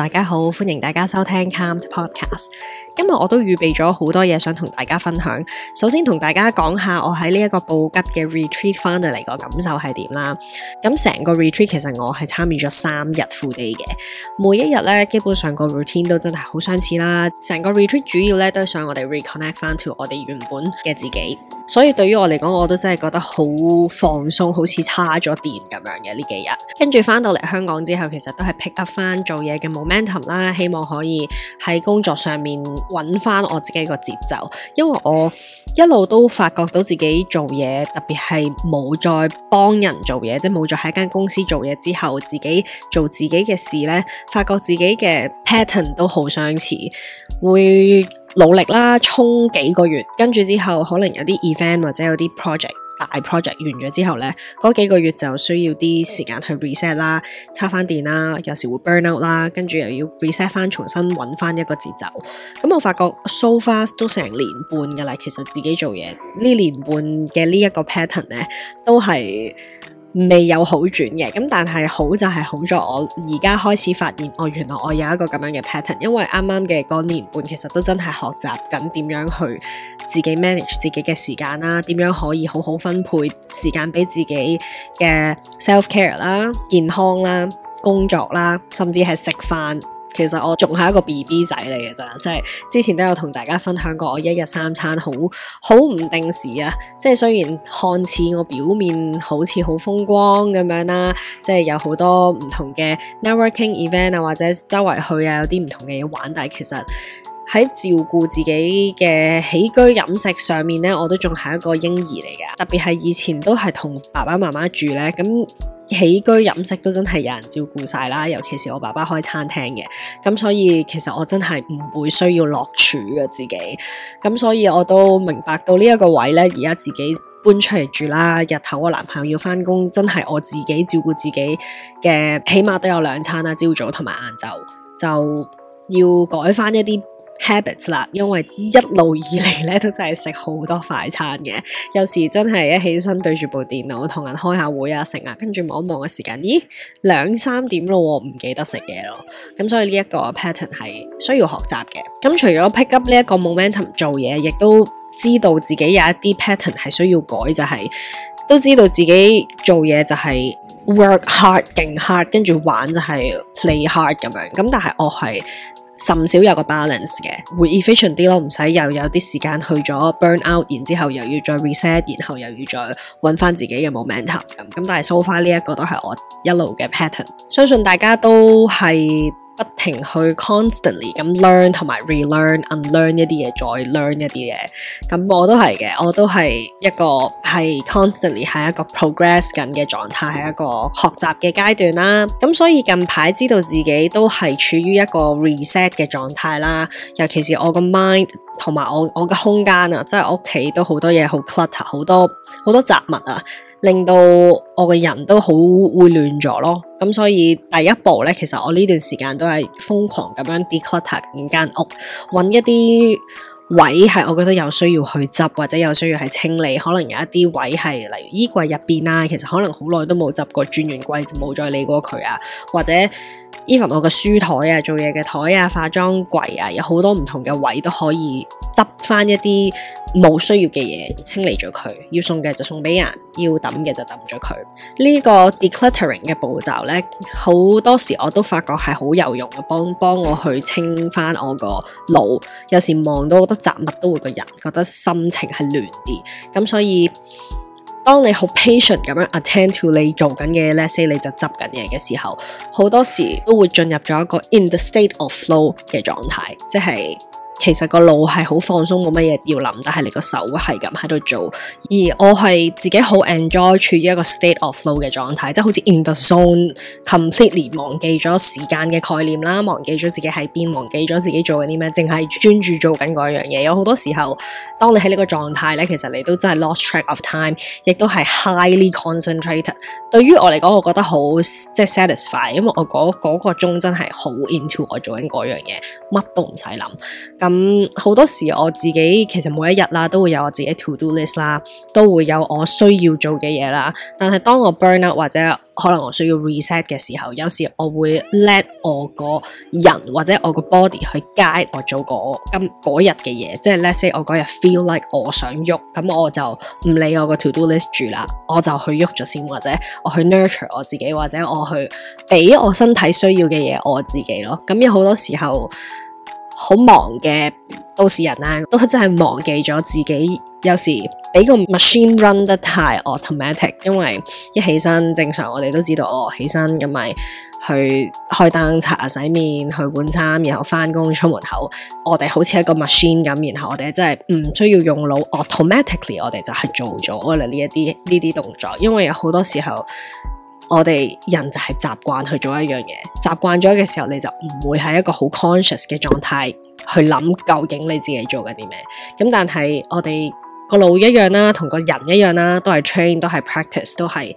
大家好，歡迎大家收聽 Calmed Podcast。今日我都預備咗好多嘢想同大家分享。首先同大家講下我喺呢一個布吉嘅 Retreat Fun 翻嚟個感受係點啦。咁成個 Retreat 其實我係參與咗三日 full day 嘅。每一日咧基本上個 routine 都真係好相似啦。成個 Retreat 主要咧都係想我哋 reconnect 翻 to 我哋原本嘅自己。所以對於我嚟講，我都真係覺得好放鬆，好似叉咗電咁樣嘅呢幾日。跟住翻到嚟香港之後，其實都係 pick up 翻做嘢嘅冇。ment 啦，希望可以喺工作上面揾翻我自己嘅節奏，因為我一路都發覺到自己做嘢，特別係冇再幫人做嘢，即係冇再喺一間公司做嘢之後，自己做自己嘅事呢，發覺自己嘅 pattern 都好相似，會努力啦，衝幾個月，跟住之後可能有啲 event 或者有啲 project。大 project 完咗之後咧，嗰幾個月就需要啲時間去 reset 啦，叉返電啦，有時會 burn out 啦，跟住又要 reset 翻，重新揾翻一個節奏。咁我發覺 so far 都成年半噶啦，其實自己做嘢呢年半嘅呢一個 pattern 咧，都係。未有好轉嘅，但係好就係好咗。我而家開始發現，哦，原來我有一個咁樣嘅 pattern。因為啱啱嘅個年半其實都真係學習緊點樣去自己 manage 自己嘅時間啦，點樣可以好好分配時間畀自己嘅 self-care 啦、健康啦、工作啦，甚至係食飯。其實我仲係一個 BB 仔嚟嘅咋，即係之前都有同大家分享過，我一日三餐好好唔定時啊！即係雖然看似我表面好似好風光咁樣啦，即係有好多唔同嘅 networking event 啊，或者周圍去啊，有啲唔同嘅嘢玩，但係其實喺照顧自己嘅起居飲食上面咧，我都仲係一個嬰兒嚟嘅。特別係以前都係同爸爸媽媽住咧，咁。起居飲食都真係有人照顧晒啦，尤其是我爸爸開餐廳嘅，咁所以其實我真係唔會需要落廚嘅自己，咁所以我都明白到呢一個位呢。而家自己搬出嚟住啦，日頭我男朋友要返工，真係我自己照顧自己嘅，起碼都有兩餐啦，朝早同埋晏晝就要改返一啲 Habits 啦，因為一路以嚟咧都真係食好多快餐嘅，有時真係一起身對住部電腦同人開下會啊，食啊，跟住望一望嘅時間，咦兩三點咯，唔記得食嘢咯，咁所以呢一個 pattern 係需要學習嘅。咁除咗 pick up 呢一個 momentum 做嘢，亦都知道自己有一啲 pattern 係需要改，就係、是、都知道自己做嘢就係 work hard 勁 hard，跟住玩就係 play hard 咁樣。咁但係我係。甚少有個 balance 嘅，會 efficient 啲咯，唔使又有啲時間去咗 burn out，然之後又要再 reset，然後又要再揾翻自己嘅 momentum 咁。咁但係 so far 呢一個都係我一路嘅 pattern，相信大家都係。不停去 constantly 咁 learn 同埋 relearn、unlearn 一啲嘢，再 learn 一啲嘢。咁我都係嘅，我都係一個係 constantly 係一個 progress 緊嘅狀態，係一個學習嘅階段啦。咁所以近排知道自己都係處於一個 reset 嘅狀態啦。尤其是我個 mind 同埋我我嘅空間啊，即係屋企都好多嘢好 clutter，好多好多雜物啊。令到我嘅人都好混亂咗咯，咁所以第一步呢，其實我呢段時間都係瘋狂咁樣 declutter 間屋，揾一啲位係我覺得有需要去執或者有需要係清理，可能有一啲位係例如衣櫃入邊啦，其實可能好耐都冇執過，轉完櫃就冇再理過佢啊，或者 even 我嘅書台啊，做嘢嘅台啊，化妝櫃啊，有好多唔同嘅位都可以。執翻一啲冇需要嘅嘢，清理咗佢；要送嘅就送俾人，要抌嘅就抌咗佢。這個、呢個 decluttering 嘅步驟咧，好多時我都發覺係好有用嘅，幫幫我去清翻我個腦。有時望到覺得雜物都會個人覺得心情係亂啲。咁所以，當你好 patient 咁樣 attend to 你做緊嘅咧你就執緊嘢嘅時候，好多時都會進入咗一個 in the state of flow 嘅狀態，即係。其實個腦係好放鬆，冇乜嘢要諗，但係你個手係咁喺度做。而我係自己好 enjoy 處於一個 state of flow 嘅狀態，即係好似 in the zone，completely h o 忘記咗時間嘅概念啦，忘記咗自己喺邊，忘記咗自己做緊啲咩，淨係專注做緊嗰樣嘢。有好多時候，當你喺呢個狀態咧，其實你都真係 lost track of time，亦都係 highly concentrated。對於我嚟講，我覺得好即係 satisfy，因為我嗰、嗰、嗰個鐘、嗰個、真係好 into 我做緊嗰樣嘢，乜都唔使諗。咁好、嗯、多時我自己其實每一日啦都會有我自己 to do list 啦，都會有我需要做嘅嘢啦。但係當我 burn out 或者可能我需要 reset 嘅時候，有時我會 let 我個人或者我個 body 去 guide 我做嗰今日嘅嘢。即係 let’s say 我嗰日 feel like 我想喐，咁我就唔理我個 to do list 住啦，我就去喐咗先，或者我去 nurture 我自己，或者我去俾我身體需要嘅嘢我自己咯。咁有好多時候。好忙嘅都市人啦、啊，都真係忘記咗自己。有時俾個 machine run 得太 automatic，因為一起身正常，我哋都知道哦，起身咁咪去開燈、刷牙、洗面、去換衫，然後翻工出門口。我哋好似一個 machine 咁，然後我哋真係唔需要用腦，automatically 我哋就係做咗啦呢一啲呢啲動作，因為有好多時候。我哋人就係習慣去做一樣嘢，習慣咗嘅時候，你就唔會係一個好 conscious 嘅狀態去諗究竟你自己做緊啲咩。咁但係我哋個腦一樣啦、啊，同個人一樣啦、啊，都係 train，都係 practice，都係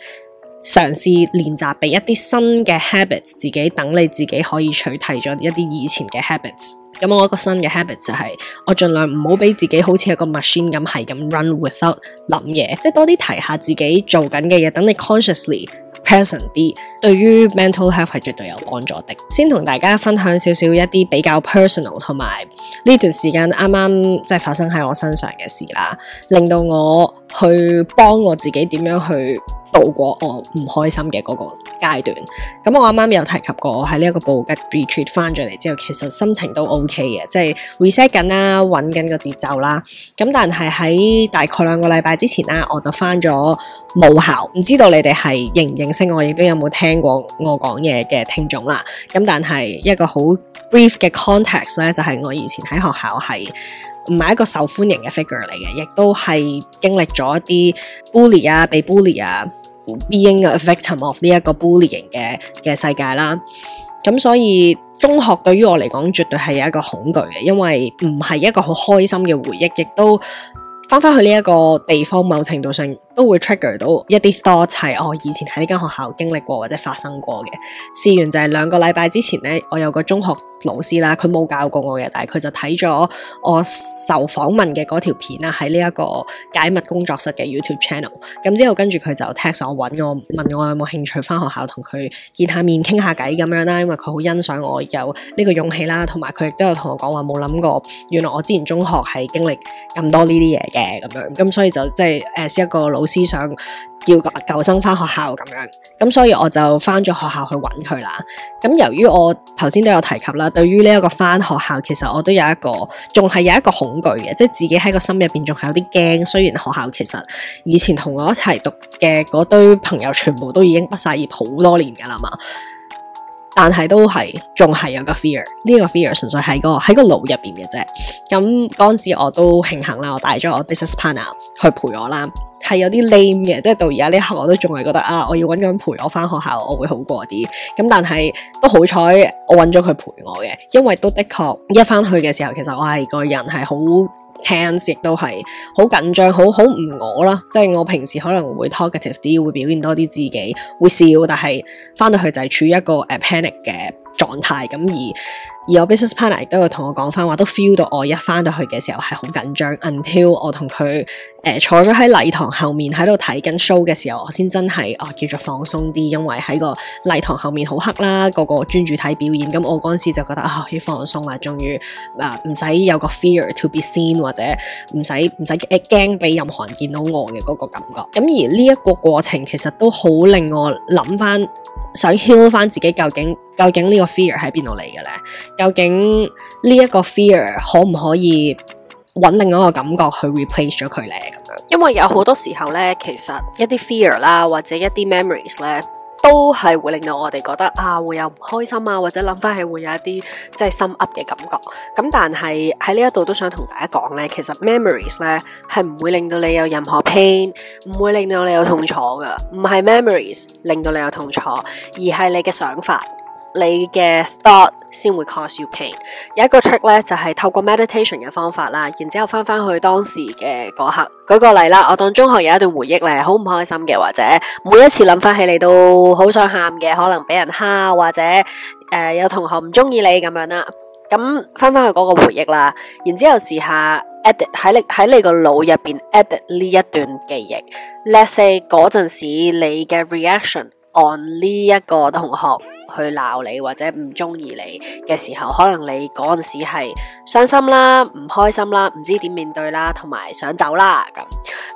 嘗試練習，俾一啲新嘅 habits。自己等你自己可以取替咗一啲以前嘅 habits。咁我一個新嘅 habits 就係、是、我盡量唔好俾自己好似一個 machine 咁係咁 run without 諗嘢，即係多啲提下自己做緊嘅嘢，等你 consciously。person 啲，對於 mental health 係絕對有幫助的。先同大家分享少少一啲比較 personal 同埋呢段時間啱啱即係發生喺我身上嘅事啦，令到我去幫我自己點樣去。渡過我唔開心嘅嗰個階段。咁我啱啱有提及過，我喺呢一個布吉 retreat 翻咗嚟之後，其實心情都 OK 嘅，即係 reset 緊啦，揾緊個節奏啦。咁但係喺大概兩個禮拜之前啦，我就翻咗母校。唔知道你哋係認唔認識我，亦都有冇聽過我講嘢嘅聽眾啦。咁但係一個好 brief 嘅 context 咧，就係我以前喺學校係唔係一個受歡迎嘅 figure 嚟嘅，亦都係經歷咗一啲 bully 啊，被 bully 啊。being a victim of 呢一個 bullying 嘅世界啦，咁所以中學對於我嚟講絕對係有一個恐懼嘅，因為唔係一個好開心嘅回憶，亦都翻返去呢一個地方某程度上。都會 trigger 到一啲 thought 我以前喺呢間學校經歷過或者發生過嘅。試完就係兩個禮拜之前呢，我有個中學老師啦，佢冇教過我嘅，但係佢就睇咗我受訪問嘅嗰條片啦，喺呢一個解密工作室嘅 YouTube channel。咁之後跟住佢就 text 我揾我,我問我有冇興趣翻學校同佢見下面傾下偈咁樣啦，因為佢好欣賞我有呢個勇氣啦，同埋佢亦都有同我講話冇諗過，原來我之前中學係經歷咁多呢啲嘢嘅咁樣，咁所以就即係、呃、一個老。老師想叫個舊生返學校咁樣，咁所以我就返咗學校去揾佢啦。咁由於我頭先都有提及啦，對於呢一個返學校，其實我都有一個，仲係有一個恐懼嘅，即係自己喺個心入邊仲係有啲驚。雖然學校其實以前同我一齊讀嘅嗰堆朋友，全部都已經畢晒業好多年噶啦嘛。但係都係，仲係有個 fear，呢個 fear 純粹係個喺個腦入邊嘅啫。咁嗰時我都慶幸啦，我帶咗我 business partner 去陪我啦，係有啲 lame 嘅，即係到而家呢刻我都仲係覺得啊，我要揾個人陪我翻學校，我會好過啲。咁但係都好彩，我揾咗佢陪我嘅，因為都的確一翻去嘅時候，其實我係個人係好。聽陣時亦都係好緊張，好好唔我啦，即係我平時可能會 talkative 啲，會表現多啲自己，會笑，但係返到去就係處於一個 panic 嘅狀態，咁而而我 business partner 亦都有同我講翻話，都 feel 到我一翻到去嘅時候係好緊張。Until 我同佢誒坐咗喺禮堂後面喺度睇緊 show 嘅時候，我先真係啊、呃、叫做放鬆啲，因為喺個禮堂後面好黑啦，個個專注睇表演。咁我嗰陣時就覺得啊、呃、要放鬆啦，終於啊唔使有個 fear to be seen 或者唔使唔使驚俾任何人見到我嘅嗰個感覺。咁而呢一個過程其實都好令我諗翻。想 heal 翻自己究，究竟究竟呢個 fear 喺邊度嚟嘅咧？究竟呢一個 fear 可唔可以揾另一個感覺去 replace 咗佢咧？咁樣，因為有好多時候咧，其實一啲 fear 啦，或者一啲 memories 咧。都係會令到我哋覺得啊，會有唔開心啊，或者諗翻係會有一啲即係心噏嘅感覺。咁但係喺呢一度都想同大家講呢，其實 memories 呢係唔會令到你有任何 pain，唔會令到你有痛楚㗎，唔係 memories 令到你有痛楚，而係你嘅想法。你嘅 thought 先會 cause you pain。有一個 trick 咧，就係、是、透過 meditation 嘅方法啦，然之後翻翻去當時嘅嗰刻，舉個例啦。我當中學有一段回憶咧，好唔開心嘅，或者每一次諗翻起你都好想喊嘅，可能俾人蝦或者誒、呃、有同學唔中意你咁樣啦。咁翻翻去嗰個回憶啦，然之後試下 edit 喺你喺你個腦入邊 edit 呢一段記憶。Let's say 嗰陣時你嘅 reaction on 呢一個同學。去鬧你或者唔中意你嘅時候，可能你嗰陣時係傷心啦、唔開心啦、唔知點面對啦，同埋想走啦咁。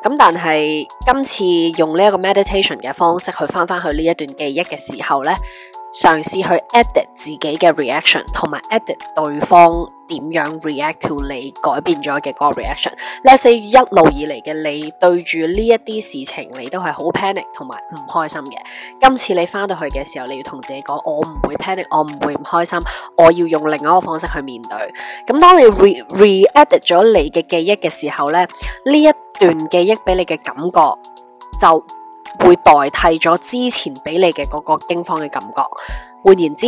咁但係今次用呢一個 meditation 嘅方式去返返去呢一段記憶嘅時候呢。嘗試去 edit 自己嘅 reaction，同埋 edit 對方點樣 react to 你改變咗嘅嗰個 reaction。Let's say 一路以嚟嘅你對住呢一啲事情，你都係好 panic 同埋唔開心嘅。今次你翻到去嘅時候，你要同自己講：我唔會 panic，我唔會唔開心，我要用另一個方式去面對。咁當你 re re edit 咗你嘅記憶嘅時候咧，呢一段記憶俾你嘅感覺就會代替咗之前俾你嘅嗰個驚慌嘅感覺。換言之，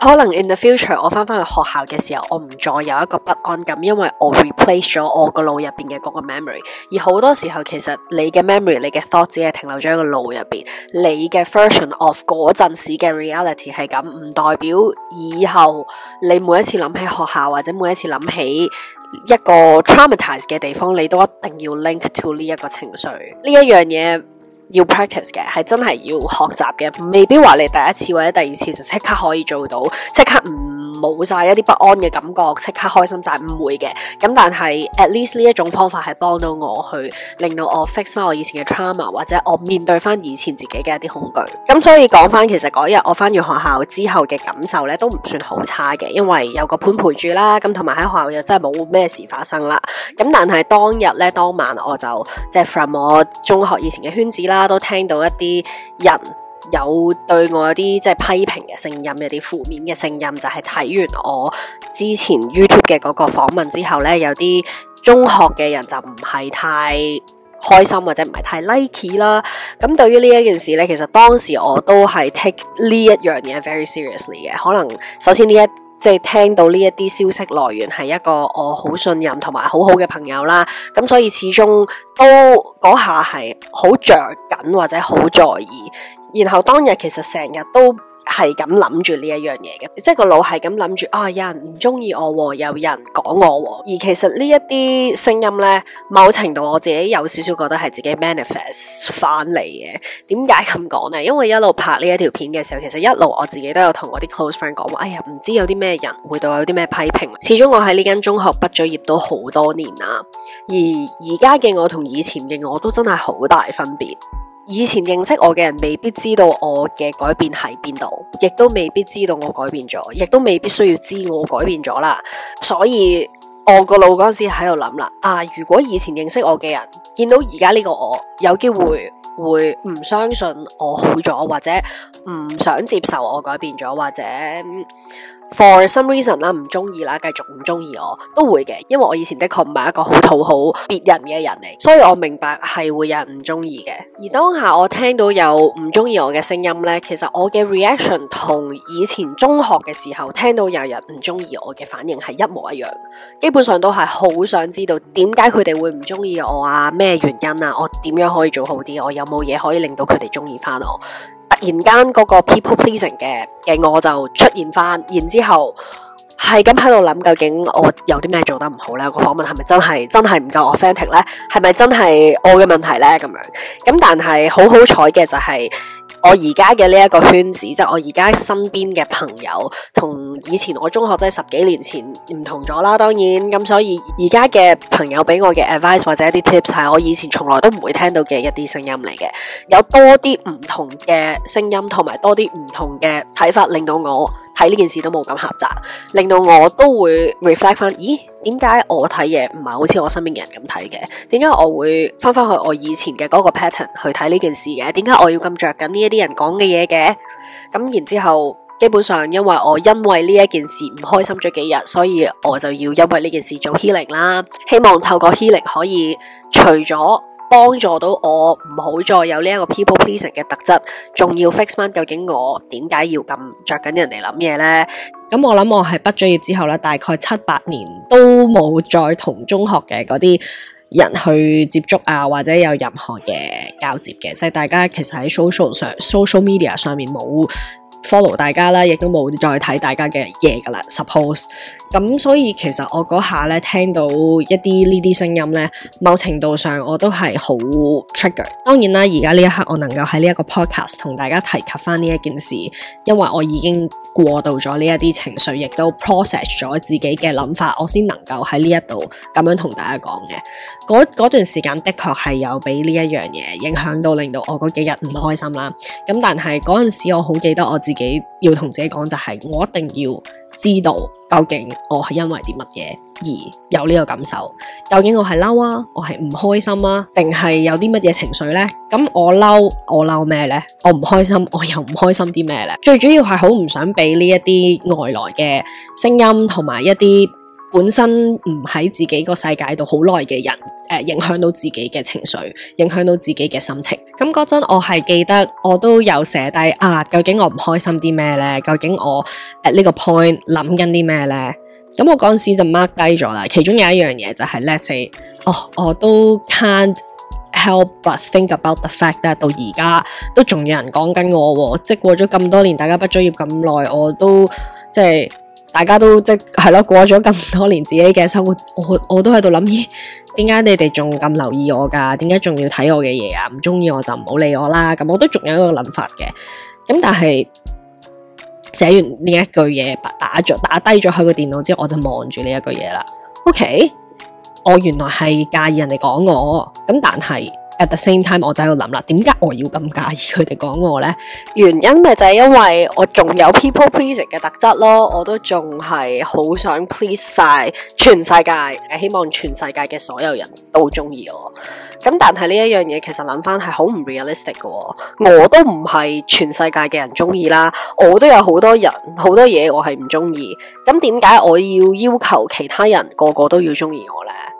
可能 in the future 我翻翻去學校嘅時候，我唔再有一個不安感，因為我 replace 咗我個腦入邊嘅嗰個 memory。而好多時候，其實你嘅 memory、你嘅 thought 只係停留咗喺個腦入邊，你嘅 version of 嗰陣時嘅 reality 係咁，唔代表以後你每一次諗起學校或者每一次諗起一個 traumatized 嘅地方，你都一定要 link to 呢一個情緒。呢一樣嘢。要 practice 嘅，係真係要學習嘅，未必話你第一次或者第二次就即刻可以做到，即刻唔冇晒一啲不安嘅感覺，即刻開心就係、是、唔會嘅。咁但係 at least 呢一種方法係幫到我去令到我 fix 翻我以前嘅 trauma，或者我面對翻以前自己嘅一啲恐懼。咁所以講翻，其實嗰日我翻完學校之後嘅感受咧，都唔算好差嘅，因為有個伴陪住啦，咁同埋喺學校又真係冇咩事發生啦。咁但係當日咧，當晚我就即係、就是、from 我中學以前嘅圈子啦。家都聽到一啲人有對我啲即係批評嘅聲音，有啲負面嘅聲音，就係睇完我之前 YouTube 嘅嗰個訪問之後咧，有啲中學嘅人就唔係太開心或者唔係太 like 啦。咁對於呢一件事咧，其實當時我都係 take 呢一樣嘢 very seriously 嘅。可能首先呢一即係聽到呢一啲消息來源係一個我好信任同埋好好嘅朋友啦，咁所以始終都嗰下係好着緊或者好在意，然後當日其實成日都係咁諗住呢一樣嘢嘅，即係個腦係咁諗住，啊、哦，有人唔中意我，有人講我，而其實呢一啲聲音呢，某程度我自己有少少覺得係自己 manifest 翻嚟嘅。點解咁講呢？因為一路拍呢一條片嘅時候，其實一路我自己都有同我啲 close friend 講話，哎呀，唔知有啲咩人會對我有啲咩批評。始終我喺呢間中學畢咗業都好多年啦，而而家嘅我同以前嘅我都真係好大分別。以前認識我嘅人未必知道我嘅改變喺邊度，亦都未必知道我改變咗，亦都未必需要知我改變咗啦。所以我個腦嗰陣時喺度諗啦，啊！如果以前認識我嘅人見到而家呢個我，有機會會唔相信我好咗，或者唔想接受我改變咗，或者。For some reason 啦，唔中意啦，繼續唔中意我都會嘅，因為我以前的確唔係一個好討好別人嘅人嚟，所以我明白係會有人唔中意嘅。而當下我聽到有唔中意我嘅聲音呢，其實我嘅 reaction 同以前中學嘅時候聽到有人唔中意我嘅反應係一模一樣，基本上都係好想知道點解佢哋會唔中意我啊，咩原因啊，我點樣可以做好啲，我有冇嘢可以令到佢哋中意翻我？突然間嗰個 people pleasing 嘅嘅我就出現翻，然之後係咁喺度諗究竟我有啲咩做得唔好咧？個訪問係咪真係真係唔夠我 authentic 咧？係咪真係我嘅問題咧？咁樣咁但係好好彩嘅就係、是。我而家嘅呢一個圈子，即係我而家身邊嘅朋友，同以前我中學即係十幾年前唔同咗啦。當然，咁所以而家嘅朋友俾我嘅 advice 或者一啲 tips 係我以前從來都唔會聽到嘅一啲聲音嚟嘅，有多啲唔同嘅聲音，同埋多啲唔同嘅睇法，令到我睇呢件事都冇咁狹窄，令到我都會 reflect 翻，咦？點解我睇嘢唔係好似我身邊嘅人咁睇嘅？點解我會翻翻去我以前嘅嗰個 pattern 去睇呢件事嘅？點解我要咁着緊呢一啲人講嘅嘢嘅？咁然之後，基本上因為我因為呢一件事唔開心咗幾日，所以我就要因為呢件事做 healing 啦，希望透過 healing 可以除咗。幫助到我唔好再有呢一個 people pleasing 嘅特質，仲要 fix 翻究竟我點解要咁着緊人哋諗嘢呢？咁我諗我係畢咗業之後咧，大概七八年都冇再同中學嘅嗰啲人去接觸啊，或者有任何嘅交接嘅，即係大家其實喺 social 上、social media 上面冇。Follow 大家啦，亦都冇再睇大家嘅嘢㗎喇，suppose。咁所以其實我嗰下呢聽到一啲呢啲聲音呢，某程度上我都係好 trigger。當然啦，而家呢一刻我能夠喺呢一個 podcast 同大家提及返呢一件事，因為我已經，過渡咗呢一啲情緒，亦都 process 咗自己嘅諗法，我先能夠喺呢一度咁樣同大家講嘅。嗰段時間的確係有俾呢一樣嘢影響到，令到我嗰幾日唔開心啦。咁但係嗰陣時，我好記得我自己要同自己講就係、是，我一定要。知道究竟我係因為啲乜嘢而有呢個感受？究竟我係嬲啊，我係唔開心啊，定係有啲乜嘢情緒呢？咁我嬲，我嬲咩呢？我唔開心，我又唔開心啲咩呢？最主要係好唔想俾呢一啲外來嘅聲音同埋一啲。本身唔喺自己個世界度好耐嘅人，誒、呃、影響到自己嘅情緒，影響到自己嘅心情。咁嗰陣我係記得，我都有寫低啊，究竟我唔開心啲咩呢？究竟我誒呢個 point 諗緊啲咩呢？」咁我嗰陣時就 mark 低咗啦。其中有一樣嘢就係、是、let's say，哦，我都 can't help but think about the fact that 到而家都仲有人講緊我喎。即係過咗咁多年，大家畢咗業咁耐，我都即係。大家都即係咯，過咗咁多年自己嘅生活，我我都喺度諗，咦，點解你哋仲咁留意我噶？點解仲要睇我嘅嘢啊？唔中意我就唔好理我啦。咁我都仲有一個諗法嘅。咁但係寫完呢一句嘢，打咗打低咗佢個電腦之後，我就望住呢一句嘢啦。OK，我原來係介意人哋講我，咁但係。At the same time，我就喺度諗啦，點解我要咁介意佢哋講我呢？原因咪就係因為我仲有 people pleasing 嘅特質咯，我都仲係好想 please 晒全世界，希望全世界嘅所有人都中意我。咁但係呢一樣嘢，其實諗翻係好唔 realistic 嘅，我都唔係全世界嘅人中意啦，我都有好多人好多嘢我係唔中意。咁點解我要要求其他人個個都要中意我呢？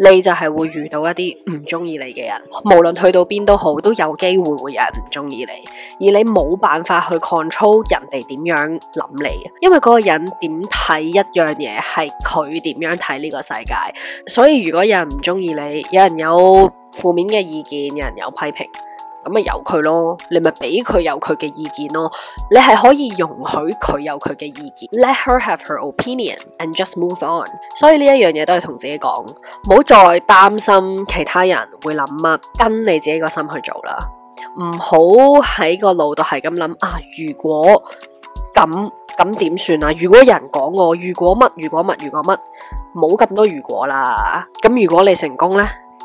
你就係會遇到一啲唔中意你嘅人，無論去到邊都好，都有機會會有人唔中意你，而你冇辦法去 control 人哋點樣諗你，因為嗰個人點睇一樣嘢，係佢點樣睇呢個世界，所以如果有人唔中意你，有人有負面嘅意見，有人有批評。咁咪由佢咯，你咪俾佢有佢嘅意見咯，你係可以容許佢有佢嘅意見。Let her have her opinion and just move on。所以呢一樣嘢都係同自己講，唔好再擔心其他人會諗乜，跟你自己個心去做啦。唔好喺個腦度係咁諗啊，如果咁咁點算啊？如果有人講我，如果乜，如果乜，如果乜，冇咁多如果啦。咁如果你成功呢？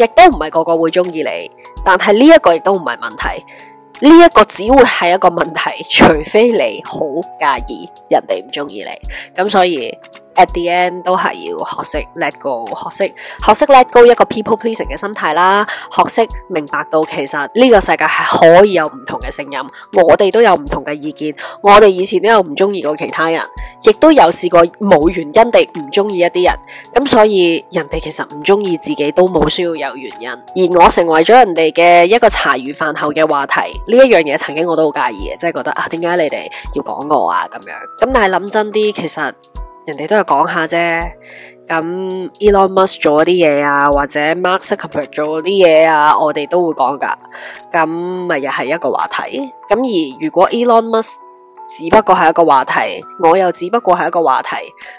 亦都唔係個個會中意你，但係呢一個亦都唔係問題，呢一個只會係一個問題，除非你好介意人哋唔中意你，咁所以。at the end 都係要學識 let go，學識學識 let go 一個 people pleasing 嘅心態啦。學識明白到其實呢個世界係可以有唔同嘅聲音，我哋都有唔同嘅意見。我哋以前都有唔中意過其他人，亦都有試過冇原因地唔中意一啲人。咁所以人哋其實唔中意自己都冇需要有原因。而我成為咗人哋嘅一個茶餘飯後嘅話題呢一樣嘢，曾經我都好介意嘅，即係覺得啊，點解你哋要講我啊咁樣咁？但係諗真啲，其實。人哋都係講下啫，咁 Elon Musk 做嗰啲嘢啊，或者 Mark Zuckerberg 做嗰啲嘢啊，我哋都會講噶，咁咪又係一個話題。咁而如果 Elon Musk 只不過係一個話題，我又只不過係一個話題，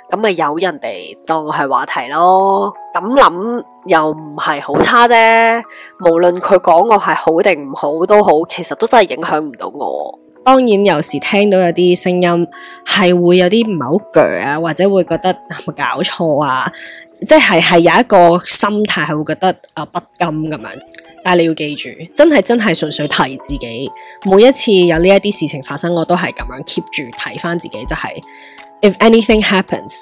咁咪有人哋當我係話題咯。咁諗又唔係好差啫。無論佢講我係好定唔好都好，其實都真係影響唔到我。當然有時聽到有啲聲音係會有啲唔係好鋸啊，或者會覺得係咪搞錯啊？即係係有一個心態係會覺得啊不甘咁樣。但係你要記住，真係真係純粹睇自己。每一次有呢一啲事情發生，我都係咁樣 keep 住睇返自己，就係、是、if anything happens。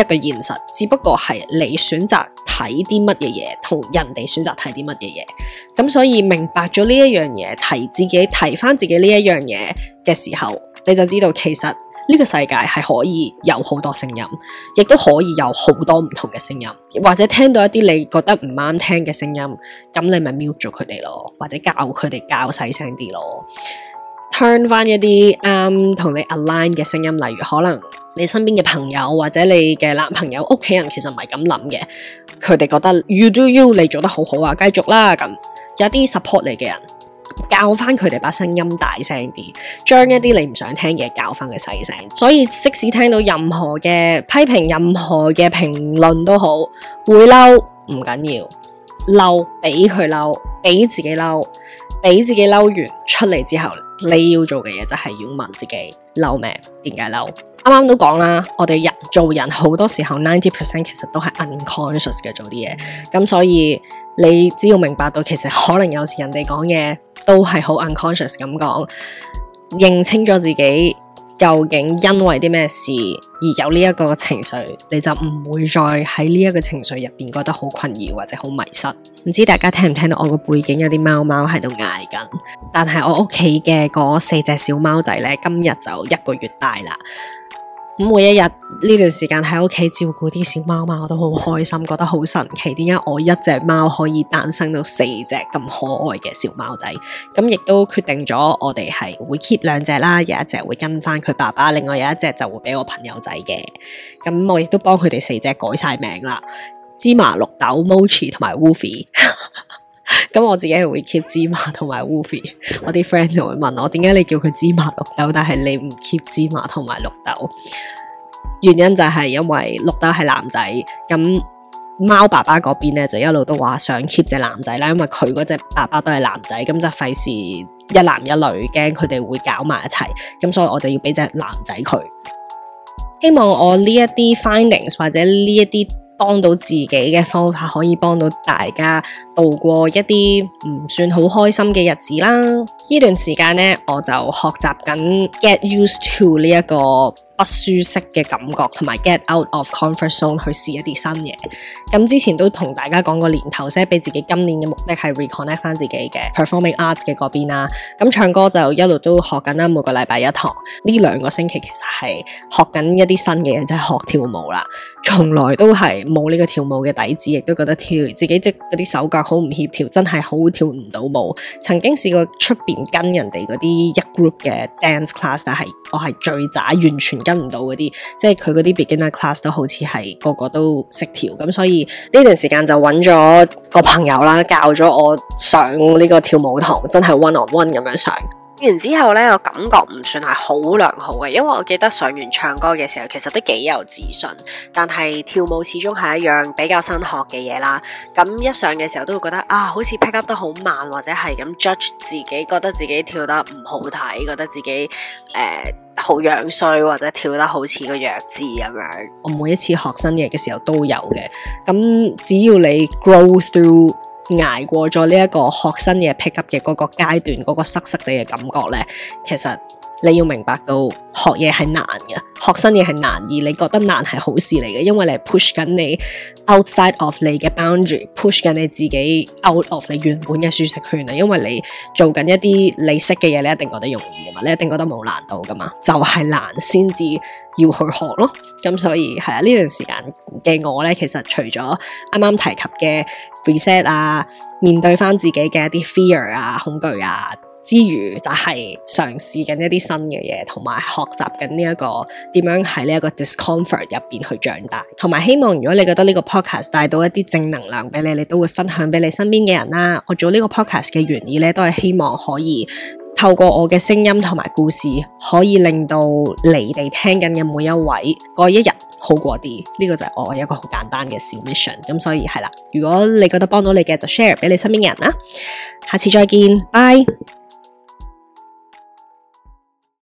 一個現實，只不過係你選擇睇啲乜嘢嘢，同人哋選擇睇啲乜嘢嘢。咁所以明白咗呢一樣嘢，提自己提翻自己呢一樣嘢嘅時候，你就知道其實呢個世界係可以有好多聲音，亦都可以有好多唔同嘅聲音，或者聽到一啲你覺得唔啱聽嘅聲音，咁你咪 mute 咗佢哋咯，或者教佢哋教細聲啲咯，turn 翻一啲啱同你 align 嘅聲音，例如可能。你身邊嘅朋友或者你嘅男朋友、屋企人其實唔係咁諗嘅，佢哋覺得 you do you，你做得好好啊，繼續啦。咁有啲 support 你嘅人教翻佢哋把聲音大聲啲，將一啲你唔想聽嘅教翻佢細聲。所以即使聽到任何嘅批評、任何嘅評論都好，會嬲唔緊要，嬲俾佢嬲，俾自己嬲，俾自己嬲完出嚟之後，你要做嘅嘢就係要問自己嬲咩？點解嬲？啱啱都講啦，我哋人做人好多時候，ninety percent 其實都係 unconscious 嘅做啲嘢。咁、嗯、所以你只要明白到，其實可能有時人哋講嘢都係好 unconscious 咁講。認清咗自己究竟因為啲咩事而有呢一個情緒，你就唔會再喺呢一個情緒入邊覺得好困擾或者好迷失。唔知大家聽唔聽到？我個背景有啲貓貓喺度嗌緊，但係我屋企嘅嗰四隻小貓仔呢，今日就一個月大啦。咁每一日呢段時間喺屋企照顧啲小貓貓，我都好開心，覺得好神奇。點解我一隻貓可以誕生到四隻咁可愛嘅小貓仔？咁亦都決定咗，我哋係會 keep 兩隻啦，有一隻會跟翻佢爸爸，另外有一隻就會俾我朋友仔嘅。咁我亦都幫佢哋四隻改晒名啦，芝麻、綠豆、Mochi 同埋 Woofy。 咁我自己係會 keep 芝麻同埋 woofy。 我啲 friend 就會問我點解，你叫佢芝麻綠豆，但係你唔 keep 芝麻同埋綠豆？原因就係因為綠豆係男仔，咁貓爸爸嗰邊咧就一路都話想 keep 隻男仔啦，因為佢嗰隻爸爸都係男仔，咁就費事一男一女，驚佢哋會搞埋一齊，咁所以我就要俾隻男仔佢。希望我呢一啲 findings 或者呢一啲。幫到自己嘅方法，可以幫到大家度過一啲唔算好開心嘅日子啦。呢段時間呢，我就學習緊 get used to 呢一個。不舒適嘅感覺，同埋 get out of comfort zone 去試一啲新嘢。咁之前都同大家講過年頭，先係俾自己今年嘅目的係 reconnect 翻自己嘅 performing arts 嘅嗰邊啦。咁唱歌就一路都學緊啦，每個禮拜一堂。呢兩個星期其實係學緊一啲新嘅嘢，即係學跳舞啦。從來都係冇呢個跳舞嘅底子，亦都覺得跳自己即啲手腳好唔協調，真係好跳唔到舞。曾經試過出邊跟人哋嗰啲一 group 嘅 dance class，但係我係最渣，完全。跟唔到嗰啲，即係佢嗰啲 beginner class 都好似係個個都識跳，咁所以呢段時間就揾咗個朋友啦，教咗我上呢個跳舞堂，真係 one on one 咁樣上。完之後呢，我感覺唔算係好良好嘅，因為我記得上完唱歌嘅時候，其實都幾有自信。但係跳舞始終係一樣比較新學嘅嘢啦，咁一上嘅時候都會覺得啊，好似 pick up 得好慢，或者係咁 judge 自己，覺得自己跳得唔好睇，覺得自己誒好樣衰，或者跳得好似個弱智咁樣。我每一次學新嘢嘅時候都有嘅，咁只要你 grow through。捱過咗呢一個學新嘢 pick up 嘅嗰個階段，嗰個塞塞地嘅感覺咧，其實你要明白到學嘢係難嘅，學新嘢係難，而你覺得難係好事嚟嘅，因為你係 push 緊你 outside of 你嘅 boundary，push 緊你自己 out of 你原本嘅舒適圈啊，因為你做緊一啲你識嘅嘢，你一定覺得容易啊嘛，你一定覺得冇難度噶嘛，就係難先至要去學咯。咁所以係啊，呢段時間。嘅我咧，其實除咗啱啱提及嘅 reset 啊，面對返自己嘅一啲 fear 啊、恐懼啊之餘，就係嘗試緊一啲新嘅嘢，同埋學習緊呢一個點樣喺呢一個 discomfort 入邊去長大。同埋希望，如果你覺得呢個 podcast 帶到一啲正能量俾你，你都會分享俾你身邊嘅人啦。我做呢個 podcast 嘅原意咧，都係希望可以透過我嘅聲音同埋故事，可以令到你哋聽緊嘅每一位過一日好過啲，呢個就係我一個好簡單嘅小 mission。咁所以係啦，如果你覺得幫到你嘅，就 share 俾你身邊嘅人啦。下次再見，拜。